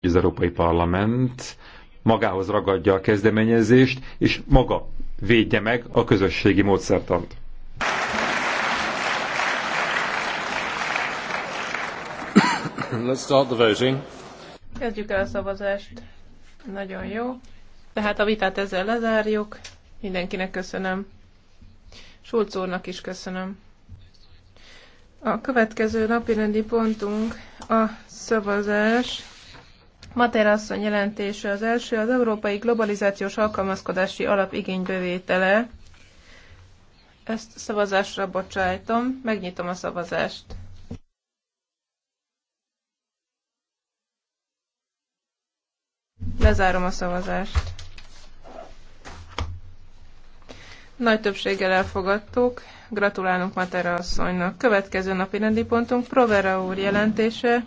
az Európai Parlament magához ragadja a kezdeményezést, és maga védje meg a közösségi módszertant. Let's start the voting. Kezdjük el a szavazást. Nagyon jó. Tehát a vitát ezzel lezárjuk. Mindenkinek köszönöm. Schulz úrnak is köszönöm. A következő napi rendi pontunk a szavazás. Matera asszony jelentése az első, az európai globalizációs alkalmazkodási alap igénybevétele. Ezt szavazásra bocsájtom, megnyitom a szavazást. Lezárom a szavazást. Nagy többséggel elfogadtuk. Gratulálunk Matera asszonynak. Következő napi rendi pontunk Provera úr jelentése.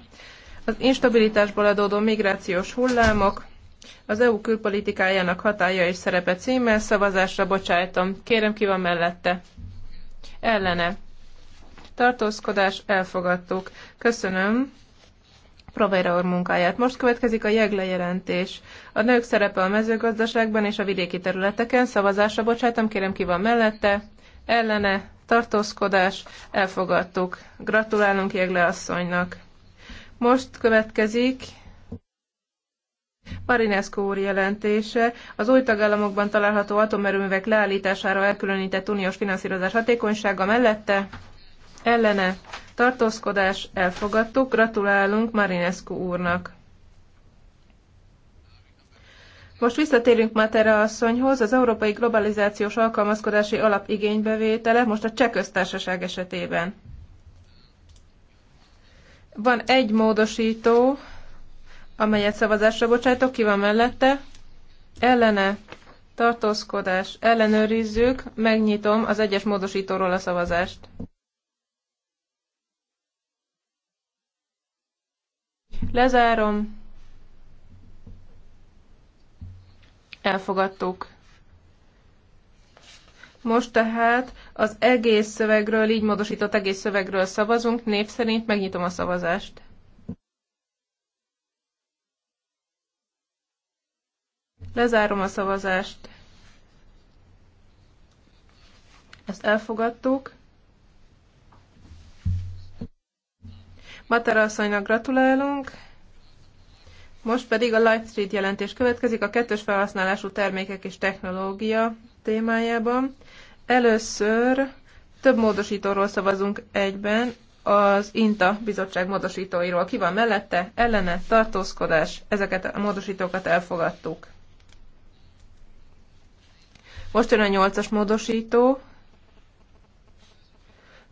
Az instabilitásból adódó migrációs hullámok, az EU külpolitikájának hatája és szerepe címmel szavazásra bocsájtom. Kérem, ki van mellette? Ellene. Tartózkodás, elfogadtuk. Köszönöm. Provera úr munkáját. Most következik a jegle jelentés. A nők szerepe a mezőgazdaságban és a vidéki területeken. Szavazásra bocsátom, kérem ki van mellette. Ellene, tartózkodás, elfogadtuk. Gratulálunk jegle asszonynak. Most következik Marinescu úr jelentése. Az új tagállamokban található atomerőművek leállítására elkülönített uniós finanszírozás hatékonysága mellette ellene tartózkodás elfogadtuk. Gratulálunk Marinescu úrnak. Most visszatérünk Matera asszonyhoz, az Európai Globalizációs Alkalmazkodási Alap igénybevétele, most a cseh köztársaság esetében. Van egy módosító, amelyet szavazásra bocsájtok, ki van mellette, ellene, tartózkodás, ellenőrizzük, megnyitom az egyes módosítóról a szavazást. Lezárom. Elfogadtuk. Most tehát az egész szövegről, így módosított egész szövegről szavazunk. Név szerint megnyitom a szavazást. Lezárom a szavazást. Ezt elfogadtuk. Matera asszonynak gratulálunk. Most pedig a Light Street jelentés következik a kettős felhasználású termékek és technológia témájában. Először több módosítóról szavazunk egyben, az INTA bizottság módosítóiról. Ki van mellette? Ellene? Tartózkodás? Ezeket a módosítókat elfogadtuk. Most jön a nyolcas módosító.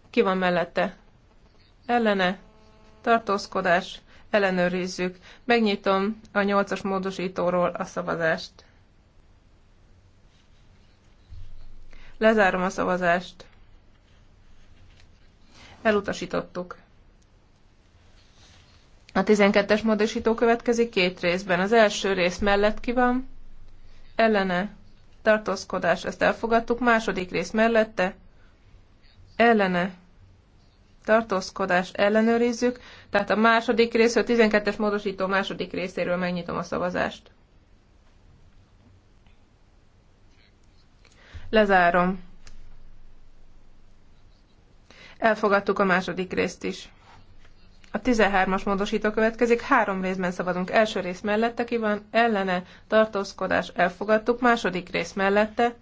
Ki van mellette? Ellene? Tartózkodás? Ellenőrizzük. Megnyitom a nyolcas módosítóról a szavazást. Lezárom a szavazást. Elutasítottuk. A 12-es módosító következik két részben. Az első rész mellett ki van? Ellene. Tartózkodás. Ezt elfogadtuk. Második rész mellette? Ellene. Tartózkodás. Ellenőrizzük. Tehát a második rész, a 12-es módosító második részéről megnyitom a szavazást. Lezárom. Elfogadtuk a második részt is. A 13-as módosító következik, három részben szabadunk. Első rész mellette ki van, ellene, tartózkodás, elfogadtuk. Második rész mellette,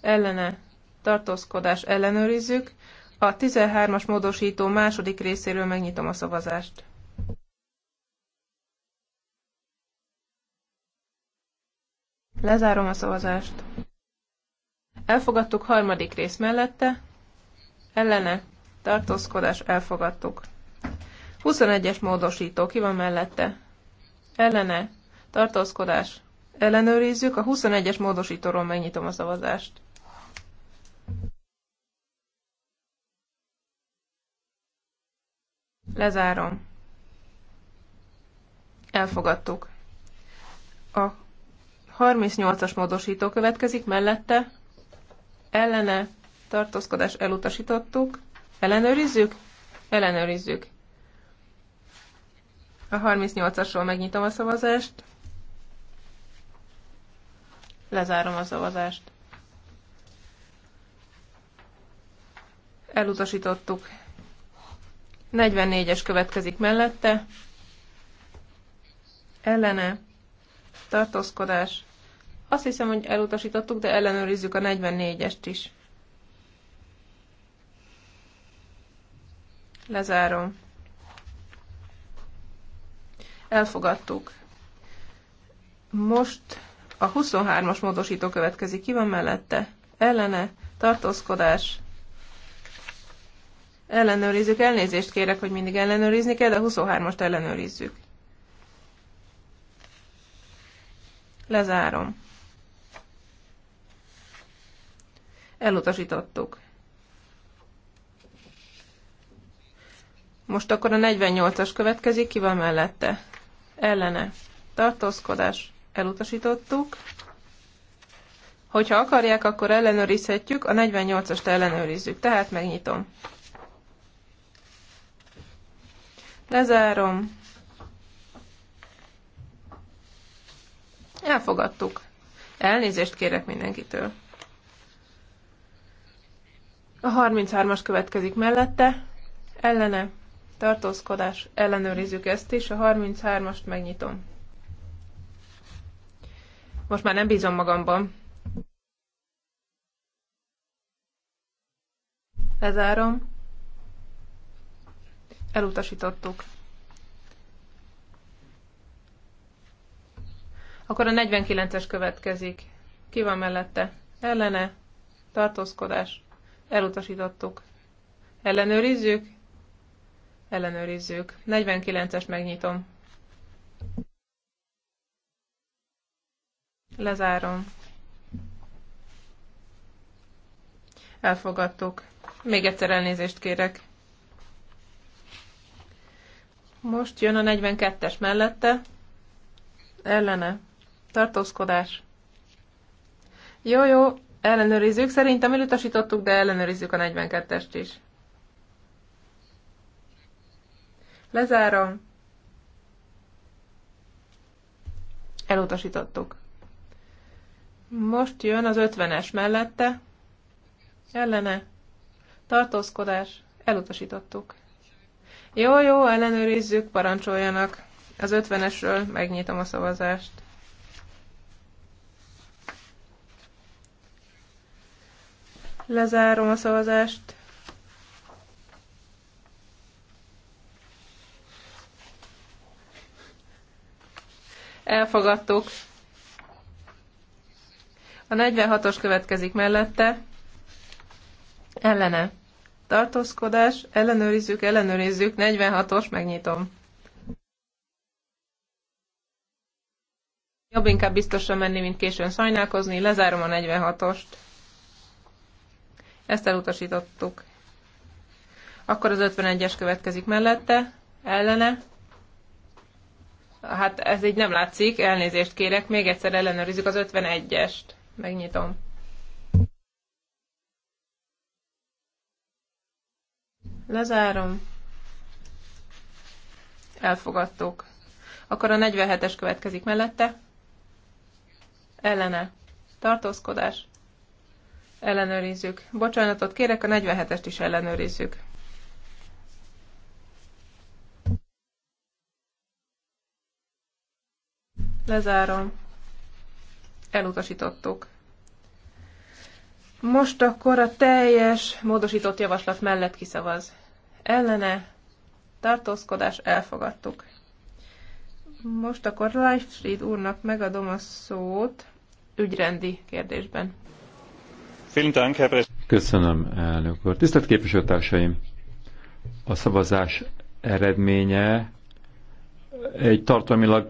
ellene, tartózkodás, ellenőrizzük. A 13-as módosító második részéről megnyitom a szavazást. Lezárom a szavazást. Elfogadtuk harmadik rész mellette, ellene, tartózkodás, elfogadtuk. 21-es módosító, ki van mellette? Ellene, tartózkodás, ellenőrizzük, a 21-es módosítóról megnyitom a szavazást. Lezárom. Elfogadtuk. A 38-as módosító következik mellette, ellene tartózkodás elutasítottuk. Ellenőrizzük? Ellenőrizzük. A 38-asról megnyitom a szavazást. Lezárom a szavazást. Elutasítottuk. 44-es következik mellette. Ellene. Tartózkodás. Azt hiszem, hogy elutasítottuk, de ellenőrizzük a 44-est is. Lezárom. Elfogadtuk. Most a 23-as módosító következik. Ki van mellette? Ellene, tartózkodás. Ellenőrizzük. Elnézést kérek, hogy mindig ellenőrizni kell, de a 23-ast ellenőrizzük. Lezárom elutasítottuk. Most akkor a 48-as következik, ki van mellette? Ellene. Tartózkodás. Elutasítottuk. Hogyha akarják, akkor ellenőrizhetjük, a 48-ast ellenőrizzük, tehát megnyitom. Lezárom. Elfogadtuk. Elnézést kérek mindenkitől. A 33-as következik mellette, ellene, tartózkodás, ellenőrizzük ezt is, a 33-ast megnyitom. Most már nem bízom magamban. Lezárom. Elutasítottuk. Akkor a 49-es következik. Ki van mellette? Ellene, tartózkodás, Elutasítottuk. Ellenőrizzük? Ellenőrizzük. 49-es megnyitom. Lezárom. Elfogadtuk. Még egyszer elnézést kérek. Most jön a 42-es mellette. Ellene. Tartózkodás. Jó, jó, Ellenőrizzük, szerintem elutasítottuk, de ellenőrizzük a 42-est is. Lezárom. Elutasítottuk. Most jön az 50-es mellette. Ellene. Tartózkodás. Elutasítottuk. Jó, jó, ellenőrizzük, parancsoljanak. Az 50-esről megnyitom a szavazást. Lezárom a szavazást. Elfogadtuk. A 46-os következik mellette. Ellene. Tartózkodás. Ellenőrizzük, ellenőrizzük. 46-os, megnyitom. Jobb inkább biztosan menni, mint későn sajnálkozni. Lezárom a 46-ost. Ezt elutasítottuk. Akkor az 51-es következik mellette, ellene. Hát ez így nem látszik, elnézést kérek, még egyszer ellenőrizzük az 51-est. Megnyitom. Lezárom. Elfogadtuk. Akkor a 47-es következik mellette. Ellene. Tartózkodás ellenőrizzük. Bocsánatot kérek, a 47-est is ellenőrizzük. Lezárom. Elutasítottuk. Most akkor a teljes módosított javaslat mellett kiszavaz. Ellene tartózkodás elfogadtuk. Most akkor Leifried úrnak megadom a szót ügyrendi kérdésben. Köszönöm, elnök úr. Tisztelt képviselőtársaim! A szavazás eredménye egy tartalmilag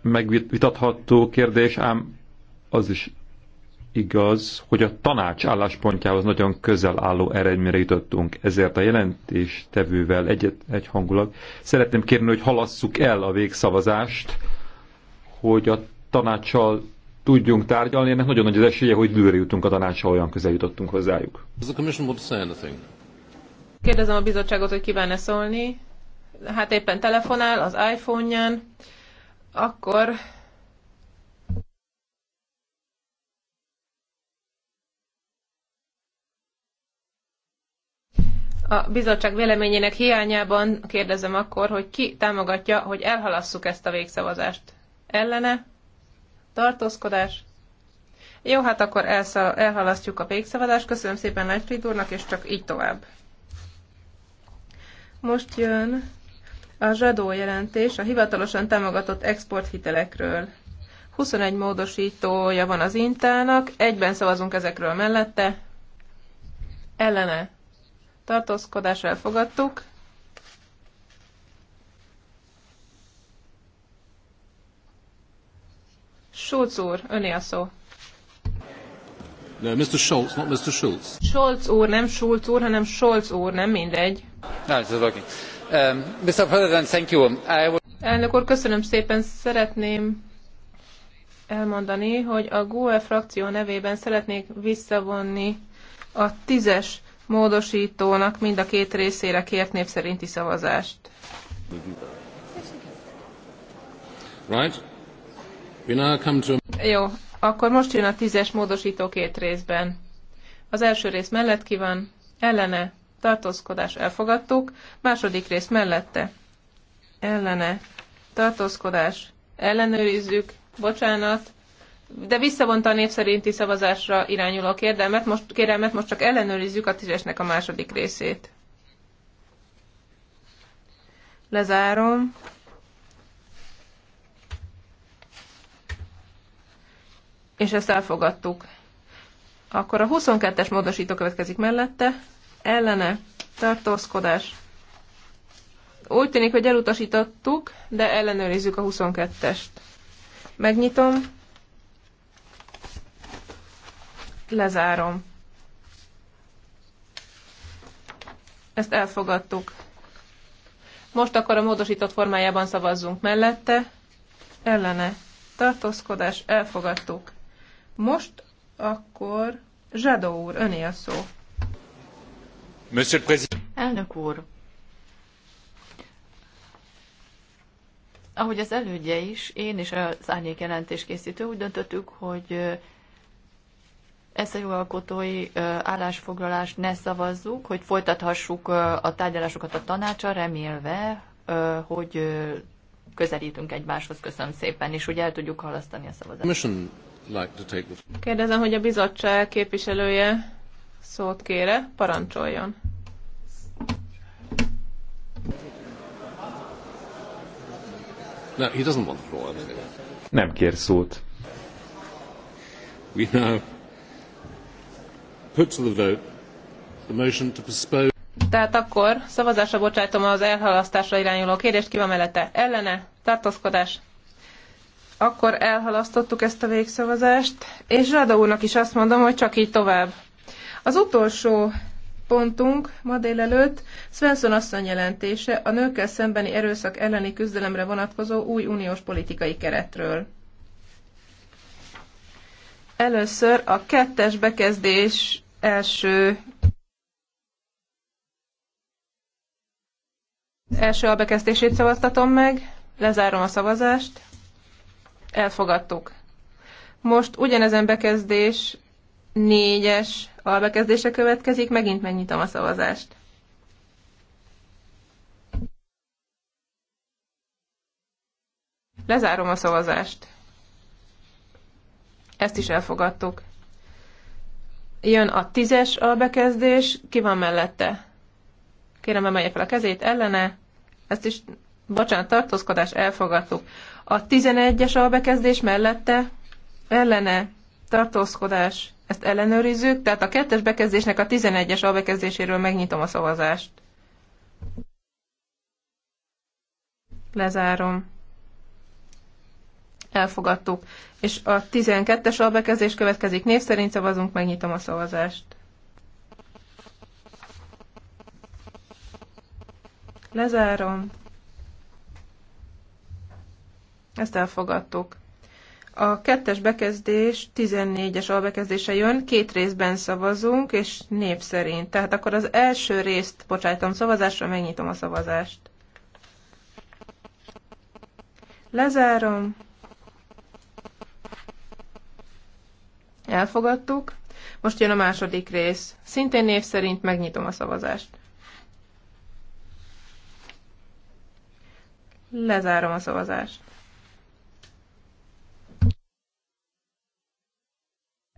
megvitatható kérdés, ám az is igaz, hogy a tanács álláspontjához nagyon közel álló eredményre jutottunk, ezért a jelentés tevővel egyet, hangulag. szeretném kérni, hogy halasszuk el a végszavazást, hogy a tanácssal tudjunk tárgyalni, ennek nagyon nagy az esélye, hogy bőre jutunk a tanácsa, olyan közel jutottunk hozzájuk. Kérdezem a bizottságot, hogy kíván-e szólni. Hát éppen telefonál az iPhone-ján. Akkor A bizottság véleményének hiányában kérdezem akkor, hogy ki támogatja, hogy elhalasszuk ezt a végszavazást. Ellene? tartózkodás. Jó, hát akkor elhalasztjuk a végszavazást. Köszönöm szépen Nagy Fridurnak, és csak így tovább. Most jön a zsadó jelentés a hivatalosan támogatott exporthitelekről. 21 módosítója van az intának, egyben szavazunk ezekről mellette. Ellene tartózkodás elfogadtuk. Schulz úr, öné a szó. No, Mr. Schultz, not Mr. Schulz. Schultz úr, nem Schultz úr, hanem Scholz úr, nem mindegy. No, it's working. Um, Mr. President, thank you. I would. Elnök úr, köszönöm szépen, szeretném elmondani, hogy a GUE frakció nevében szeretnék visszavonni a tízes módosítónak mind a két részére kért népszerinti szavazást. Right? Jó, akkor most jön a tízes módosító két részben. Az első rész mellett ki van, ellene, tartózkodás elfogadtuk, második rész mellette, ellene, tartózkodás, ellenőrizzük, bocsánat, de visszavonta a név szerinti szavazásra irányuló kérdelmet, most, kérelmet, most csak ellenőrizzük a tízesnek a második részét. Lezárom. és ezt elfogadtuk. Akkor a 22-es módosító következik mellette, ellene, tartózkodás. Úgy tűnik, hogy elutasítottuk, de ellenőrizzük a 22-est. Megnyitom, lezárom. Ezt elfogadtuk. Most akkor a módosított formájában szavazzunk mellette, ellene, tartózkodás, elfogadtuk. Most akkor Zsadó úr, öné a szó. President. Elnök úr, ahogy az elődje is, én és az árnyék jelentés készítő úgy döntöttük, hogy ezt a jogalkotói állásfoglalást ne szavazzuk, hogy folytathassuk a tárgyalásokat a tanácsa, remélve, hogy közelítünk egymáshoz. Köszönöm szépen, és hogy el tudjuk halasztani a szavazást. Kérdezem, hogy a bizottság képviselője szót kére, parancsoljon. No, he doesn't want the floor. Nem kér szót. We now put to the vote the motion to postpone. Tehát akkor szavazásra bocsájtom az elhalasztásra irányuló kérdést, ki van mellette ellene, tartózkodás, akkor elhalasztottuk ezt a végszavazást, és Zsada úrnak is azt mondom, hogy csak így tovább. Az utolsó pontunk ma délelőtt Svensson asszony jelentése a nőkkel szembeni erőszak elleni küzdelemre vonatkozó új uniós politikai keretről. Először a kettes bekezdés első első albekezdését szavaztatom meg, lezárom a szavazást. Elfogadtuk. Most ugyanezen bekezdés négyes albekezdése következik, megint megnyitom a szavazást. Lezárom a szavazást. Ezt is elfogadtuk. Jön a tízes albekezdés, ki van mellette? Kérem, emelje fel a kezét, ellene. Ezt is bocsánat, tartózkodás elfogadtuk. A 11-es albekezdés mellette ellene tartózkodás, ezt ellenőrizzük, tehát a kettes bekezdésnek a 11-es albekezdéséről megnyitom a szavazást. Lezárom. Elfogadtuk. És a 12-es albekezdés következik. Név szerint szavazunk, megnyitom a szavazást. Lezárom. Ezt elfogadtuk. A kettes bekezdés 14-es albekezdése jön, két részben szavazunk, és név szerint. Tehát akkor az első részt bocsájtom szavazásra, megnyitom a szavazást. Lezárom. Elfogadtuk. Most jön a második rész. Szintén név szerint megnyitom a szavazást. Lezárom a szavazást.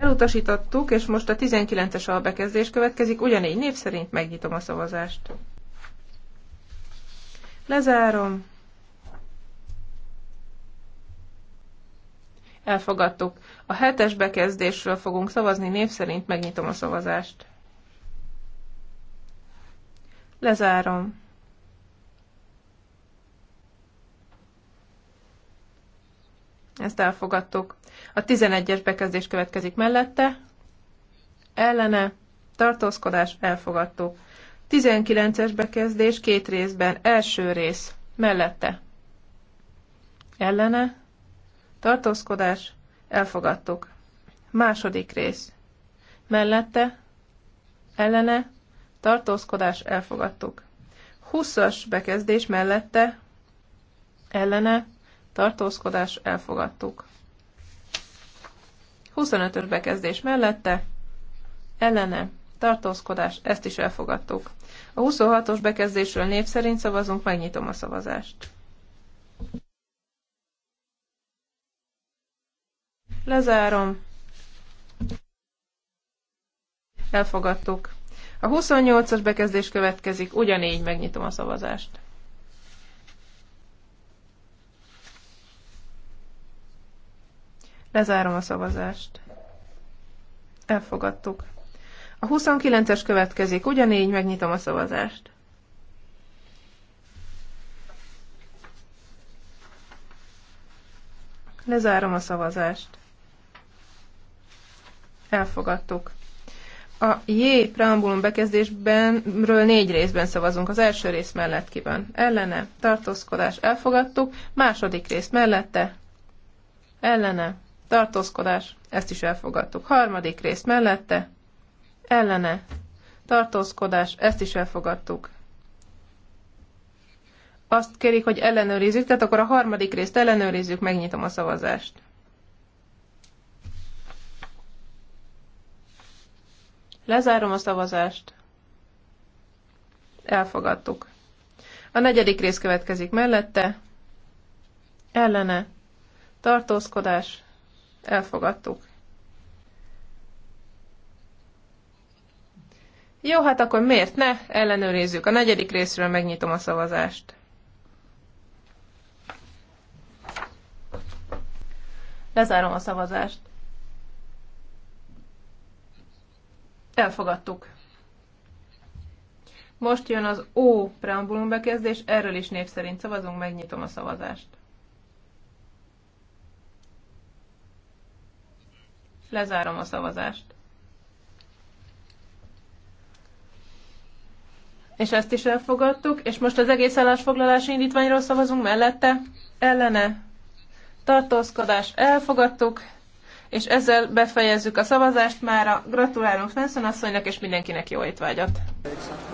Elutasítottuk, és most a 19-es albekezdés következik, ugyanígy név szerint megnyitom a szavazást. Lezárom. Elfogadtuk. A 7-es bekezdésről fogunk szavazni, név szerint megnyitom a szavazást. Lezárom. Ezt elfogadtuk. A 11-es bekezdés következik mellette. Ellene. Tartózkodás. Elfogadtuk. 19-es bekezdés két részben. Első rész. Mellette. Ellene. Tartózkodás. Elfogadtuk. Második rész. Mellette. Ellene. Tartózkodás. Elfogadtuk. 20-as bekezdés mellette. Ellene tartózkodás, elfogadtuk. 25-ös bekezdés mellette, ellene, tartózkodás, ezt is elfogadtuk. A 26-os bekezdésről név szerint szavazunk, megnyitom a szavazást. Lezárom. Elfogadtuk. A 28-as bekezdés következik, ugyanígy megnyitom a szavazást. Lezárom a szavazást. Elfogadtuk. A 29-es következik, ugyanígy megnyitom a szavazást. Lezárom a szavazást. Elfogadtuk. A J preambulum bekezdésbenről négy részben szavazunk. Az első rész mellett ki van. Ellene, tartózkodás, elfogadtuk. Második rész mellette, ellene, tartózkodás, ezt is elfogadtuk. Harmadik rész mellette, ellene, tartózkodás, ezt is elfogadtuk. Azt kérik, hogy ellenőrizzük, tehát akkor a harmadik részt ellenőrizzük, megnyitom a szavazást. Lezárom a szavazást. Elfogadtuk. A negyedik rész következik mellette. Ellene. Tartózkodás. Elfogadtuk. Jó, hát akkor miért ne? Ellenőrizzük. A negyedik részről megnyitom a szavazást. Lezárom a szavazást. Elfogadtuk. Most jön az O preambulum bekezdés, erről is népszerint szavazunk, megnyitom a szavazást. Lezárom a szavazást. És ezt is elfogadtuk, és most az egész állásfoglalási indítványról szavazunk mellette, ellene, tartózkodás, elfogadtuk, és ezzel befejezzük a szavazást mára. Gratulálunk Fenszon asszonynak, és mindenkinek jó étvágyat! Köszönöm.